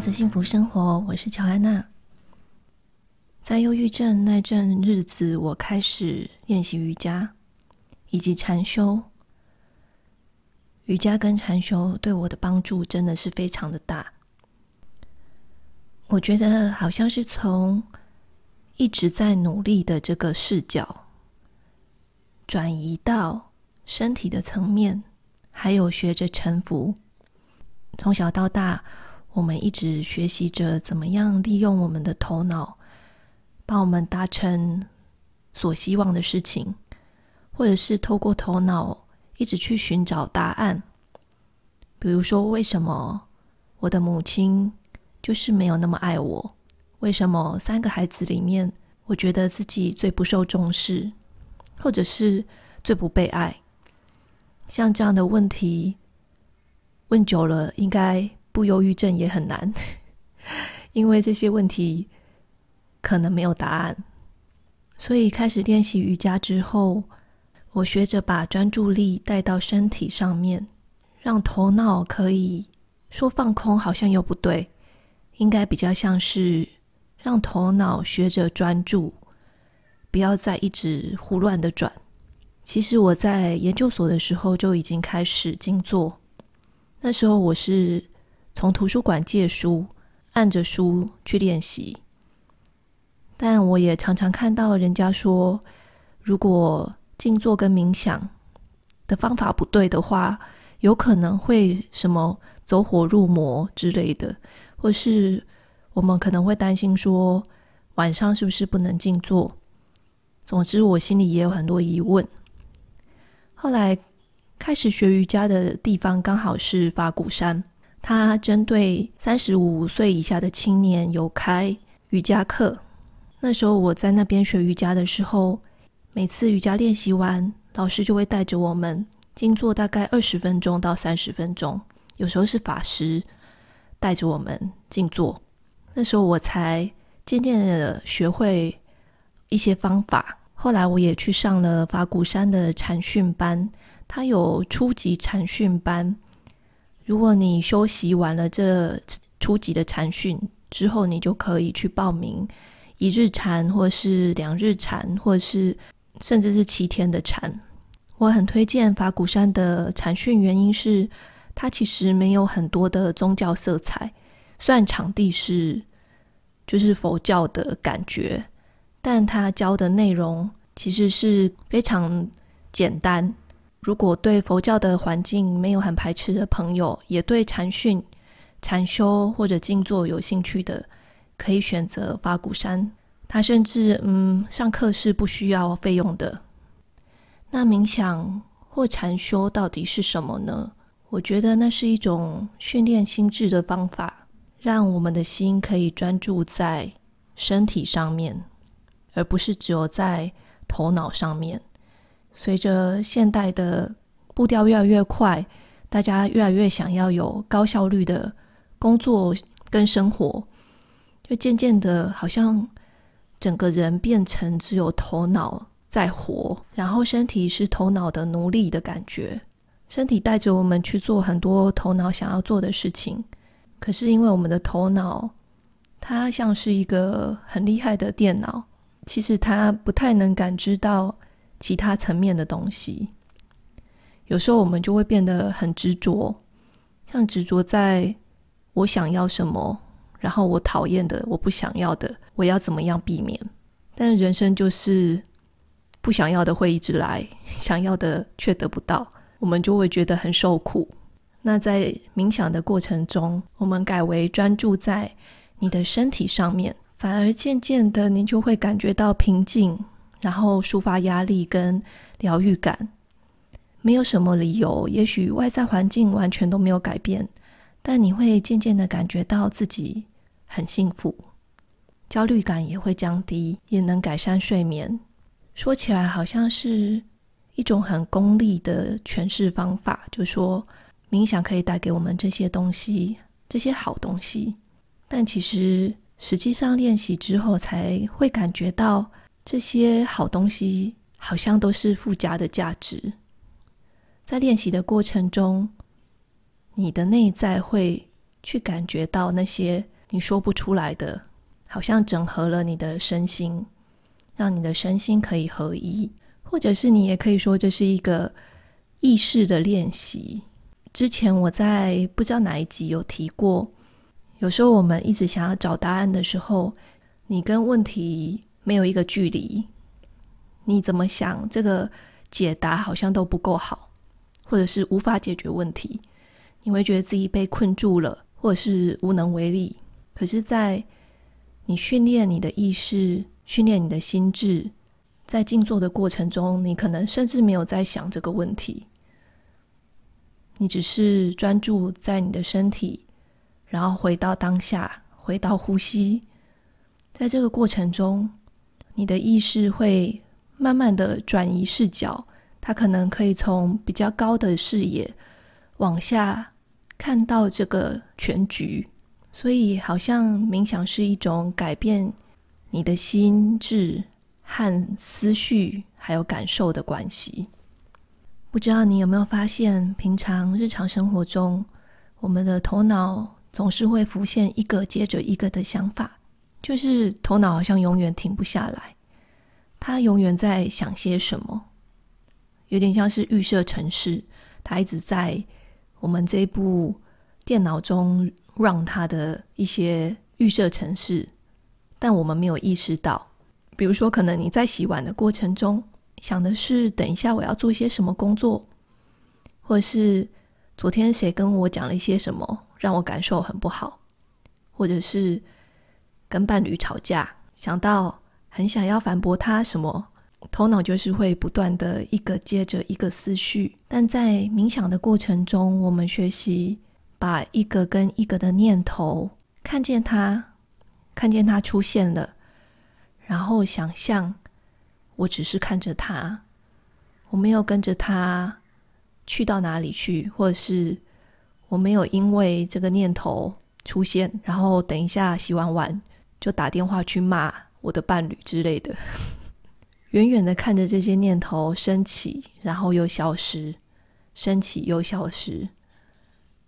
過着幸福生活。我是喬安娜。在憂鬱症那陣日子，我開始練習瑜伽以及禪修。瑜伽跟禪修對我的幫助真的是非常的大。我覺得好像是從一直在努力的這個視角，轉移到身體的層面，還有學着臣服。從小到大。我們一直學習着怎麼樣利用我們的頭腦，幫我們達成所希望的事情，或者是透過頭腦一直去尋找答案。比如說，為什麼我的母親就是沒有那麼愛我？為什麼三個孩子裡面，我覺得自己最不受重視，或者是最不被愛？像這樣的問題問久了，應該。不憂鬱症也很難，因為這些問題可能沒有答案。所以開始練習瑜伽之後，我學着把專注力帶到身體上面，讓頭腦可以說放空，好像又不對，應該比較像是讓頭腦學着專注，不要再一直胡亂的轉。其實我在研究所的時候就已經開始靜坐，那時候我是。從圖書館借書，按着書去練習。但我也常常看到人家說，如果靜坐跟冥想的方法不對的話，有可能會什麼走火入魔之類的，或是我們可能會擔心說晚上是不是不能靜坐。總之，我心裡也有很多疑問。後來開始學瑜伽的地方剛好是法鼓山。他針對三十五歲以下的青年有開瑜伽課。那時候我在那邊學瑜伽的時候，每次瑜伽練習完，老師就會帶着我們靜坐大概二十分鐘到三十分鐘，有時候是法師帶着我們靜坐。那時候我才漸漸的學會一些方法。後來我也去上了法鼓山的禪訓班，他有初級禪訓班。如果你修習完了這初級的禪訓之後，你就可以去報名一日禪，或是兩日禪，或者是甚至是七天的禪。我很推薦法鼓山的禪訓，原因是它其實沒有很多的宗教色彩，雖然場地是就是佛教的感覺，但它教的內容其實是非常簡單。如果對佛教的環境沒有很排斥的朋友，也對禪訓、禪修或者靜坐有興趣的，可以選擇法鼓山。他甚至嗯，上課是不需要費用的。那冥想或禪修到底是什麼呢？我覺得那是一種訓練心智的方法，讓我們的心可以專注在身體上面，而不是只有在頭腦上面。隨着現代的步調越來越快，大家越來越想要有高效率的工作跟生活，就漸漸的好像整個人變成只有頭腦在活，然後身體是頭腦的奴隸的感覺，身體帶着我們去做很多頭腦想要做的事情。可是因為我們的頭腦，它像是一個很厲害的電腦，其實它不太能感知到。其他層面的東西，有時候我們就會變得很執着，像執着在我想要什麼，然後我討厭的、我不想要的，我要怎麼樣避免？但人生就是不想要的會一直來，想要的卻得不到，我們就會覺得很受苦。那在冥想的過程中，我們改為專注在你的身體上面，反而漸漸的你就會感覺到平靜。然後抒發壓力跟療癒感，沒有什麼理由。也許外在環境完全都沒有改變，但你會漸漸的感覺到自己很幸福，焦慮感也會降低，也能改善睡眠。說起來，好像是一種很功利的詮釋方法，就是說冥想可以帶給我們這些東西，這些好東西。但其實，實際上練習之後才會感覺到。這些好東西好像都是附加的價值，在練習的過程中，你的內在會去感覺到那些你說不出來的，好像整合了你的身心，讓你的身心可以合一，或者是你也可以說這是一個意識的練習。之前我在不知道哪一集有提過，有時候我們一直想要找答案的時候，你跟問題，沒有一個距離，你怎麼想？這個解答好像都不夠好，或者是無法解決問題，你會覺得自己被困住了，或者是無能為力。可是，在你訓練你的意識、訓練你的心智，在靜坐的過程中，你可能甚至沒有在想這個問題，你只是專注在你的身體，然後回到當下，回到呼吸，在這個過程中。你的意識會慢慢的轉移視角，它可能可以從比較高的視野往下看到這個全局，所以好像冥想是一種改變你的心智和思緒還有感受的關係。不知道你有沒有發現，平常日常生活中，我們的頭腦總是會浮現一個接着一個的想法。就是頭腦好像永遠停不下來，他永遠在想些什麼，有點像是預設程式，他一直在我們這部電腦中 run 他的一些預設程式，但我們沒有意識到。比如說，可能你在洗碗的過程中想的是：等一下我要做些什麼工作，或者是昨天誰跟我講了一些什麼，讓我感受很不好，或者是。跟伴侶吵架，想到很想要反駁他什麼，頭腦就是會不斷的一個接着一個思緒。但在冥想的過程中，我們學習把一個跟一個的念頭看見他，看見他出現了，然後想象我只是看着他，我沒有跟着他去到哪裡去，或者是我沒有因為這個念頭出現，然後等一下洗完碗。就打電話去罵我的伴侶之類的。 遠遠的看着這些念頭升起，然後又消失，升起又消失。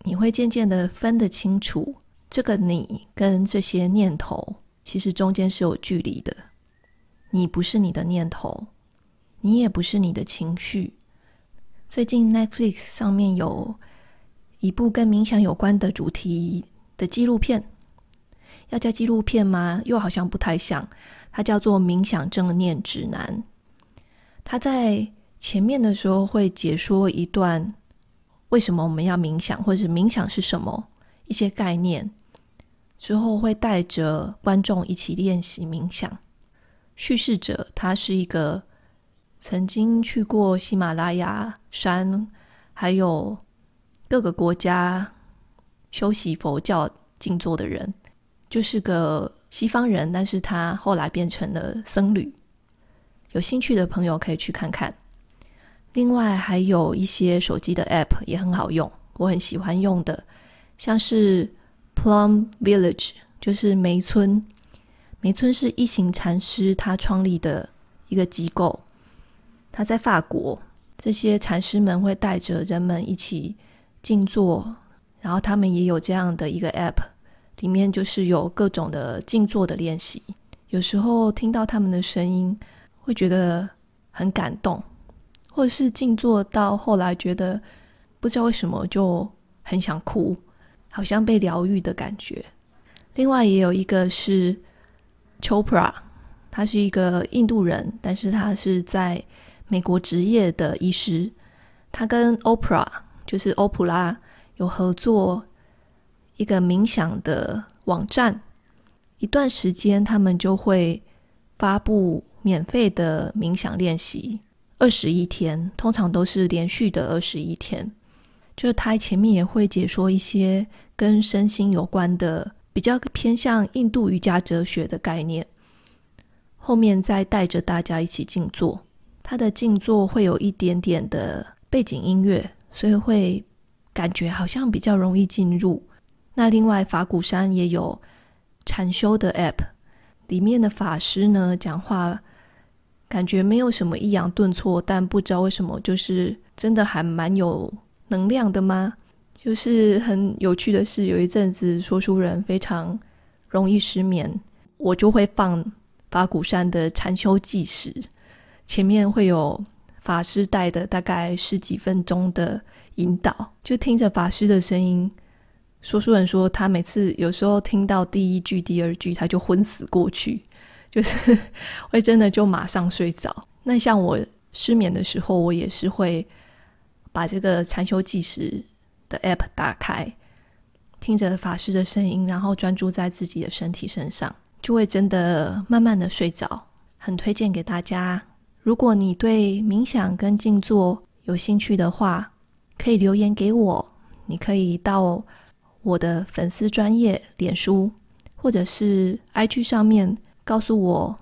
你會漸漸的分得清楚，這個你跟這些念頭其實中間是有距離的。你不是你的念頭，你也不是你的情緒。最近 Netflix 上面有一部跟冥想有關的主題的紀錄片。要加紀錄片嗎？又好像不太像。它叫做《冥想正念指南》。他在前面的時候會解說一段為什麼我們要冥想，或者冥想是什麼一些概念，之後會帶着觀眾一起練習冥想。敘事者他是一個曾經去過喜馬拉雅山，還有各個國家修習佛教靜坐的人。就是個西方人，但是他後來變成了僧侶。有興趣的朋友可以去看看。另外還有一些手機的 App 也很好用，我很喜歡用的，像是 Plum Village，就是梅村。梅村是一行禪師他創立的一個機構，他在法國，這些禪師們會帶着人們一起靜坐，然後他們也有這樣的一個 App。裡面就是有各種的靜坐的練習，有時候聽到他們的聲音，會覺得很感動，或者是靜坐到後來覺得不知道為什麼就很想哭，好像被療癒的感覺。另外也有一個是 Chopra，他是一個印度人，但是他是在美國職業的醫師，他跟 Oprah 就是歐普拉有合作。一個冥想的網站，一段時間他們就會發布免費的冥想練習，二十一天，通常都是連續的二十一天。就是他前面也會解說一些跟身心有關的，比較偏向印度瑜伽哲學的概念，後面再帶着大家一起靜坐。他的靜坐會有一點點的背景音樂，所以會感覺好像比較容易進入。那另外，法鼓山也有禪修的 app，裡面的法師呢講話，感覺沒有什麼抑揚頓挫，但不知道為什麼，就是真的還蠻有能量的嗎？就是很有趣的是，有一陣子說書人非常容易失眠，我就會放法鼓山的禪修計時，前面會有法師帶的大概十幾分鐘的引導，就聽着法師的聲音。說書人說，他每次有時候聽到第一句、第二句，他就昏死過去，就是會 真的就馬上睡着。那像我失眠的時候，我也是會把這個禪修記時的 app 打開，聽着法師的聲音，然後專注在自己的身體身上，就會真的慢慢的睡着。很推薦給大家，如果你對冥想跟靜坐有興趣的話，可以留言給我。你可以到。我的粉絲專業臉書或者是 IG 上面告訴我。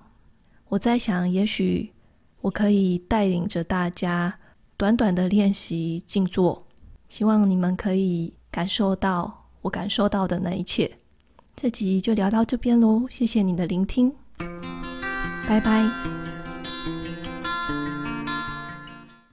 我在想，也許我可以帶領着大家短短的練習靜坐，希望你們可以感受到我感受到的那一切。這集就聊到這邊嘍，謝謝你的聆聽，拜拜。